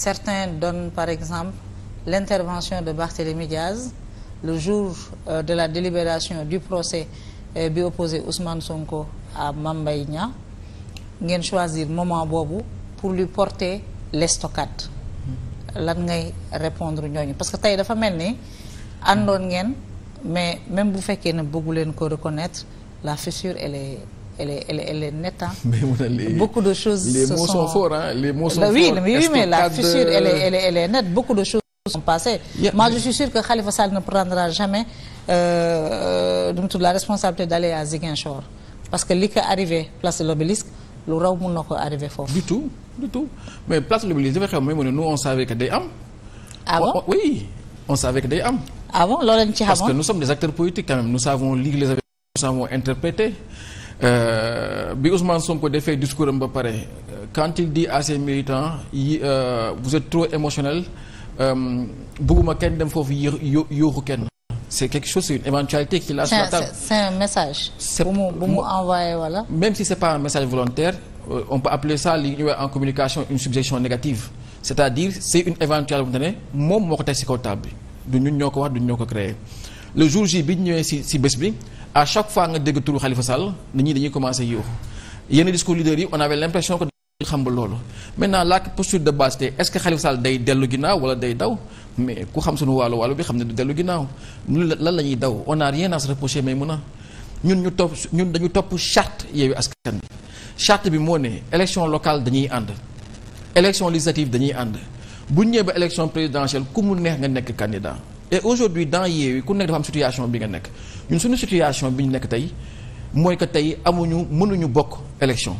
Certains donnent par exemple l'intervention de Barthélémy Diaz le jour euh, de la délibération du procès euh, bi opposé Ousmane Sonko a Mame Mbaye Niang ngeen choisir moment boobu pour lui porter les l'estocade lan ngay répondre ñooñu parce que tey dafa mel ni àndoon ngeen mais même bu fekkee ne bëggu leen ko reconnaître la fissure elle est elle est, elle est, elle est nette. Hein. Mais voilà, Beaucoup de choses. sont, sont forts, Les mots forts. Mais oui, mais la fissure, elle, est, elle, Beaucoup de choses sont passées. Yeah. je suis sûr que Khalifa Sall ne prendra jamais euh, euh, toute la responsabilité d'aller à Ziguinchor. Parce que ce qui est place de lu raw mun na ko arrivé du tout du tout mais place l'obélisque dafay xew mooy nous on savait que day am. ah bon oh, oh, on, on, que day am. ah bon loolu lañ Euh, bi Ousmane Sonko defee discours am ba pare euh, quand il dit à ses militants yi euh, vous êtes trop émotionnel bugguma kenn dem foofu yéex yóoxu kenn. c'est quelque chose c'est une éventualité la table c'est un message. bu mu bu mu envoyé wala. même si c'est pas un message volontaire on peut appeler ça li ñuy wax en communication une suggestion négative c'est-à-dire c'est une éventualité bu ne moom moo ko teg ci kaw table bi du ñun ñoo ko wax du ñoo ko créé le jour J bi ñu ñëwee ci ci bés bi. à chaque fois nga dégg turu Khalifa Sall nit ñi dañuy commencé yéexu yenn discours leaders yi on avait l'impression que xam nga loolu maintenant la posture de base tey est-ce que Khalifa Sall day dellu ginnaaw wala day daw mais ku xam suñu wàllu wàllu bi xam ne du dellu ginnaaw lan la ñuy daw on a rien à se reprocher mais mun a ñun ñu topp ñun dañu topp charte Yewwi Askan Wi charte bi moo ne élection locale dañuy ànd élection législative dañuy ànd bu ñëwee ba élection présidentielle ku mu nga nekk candidat et aujourd'hui dans yi ku nekk dafa am situation bi nga nekk ñun suñu situation bi ñu nekk tey mooy que tey amuñu mënuñu bokk élection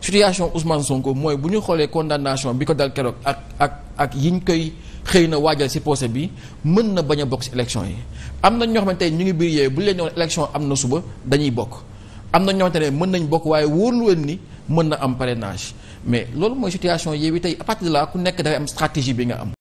situation Ousmane Sonko mooy bu ñu xoolee condamnation bi ko dal keroog ak ak ak yi ñu koy xëy na waajal si procès bi mën na bañ a bokk ci élection yi am na ñoo xamante ne ñu ngi biir Yewwi bu leen ñëwoon élection am na suba dañuy bokk am na ñoo xamante ne mën nañ bokk waaye wóorul woon ni mën na am parrainage mais loolu mooy situation Yewwi tey à partir de ku nekk dafay am stratégie bi nga am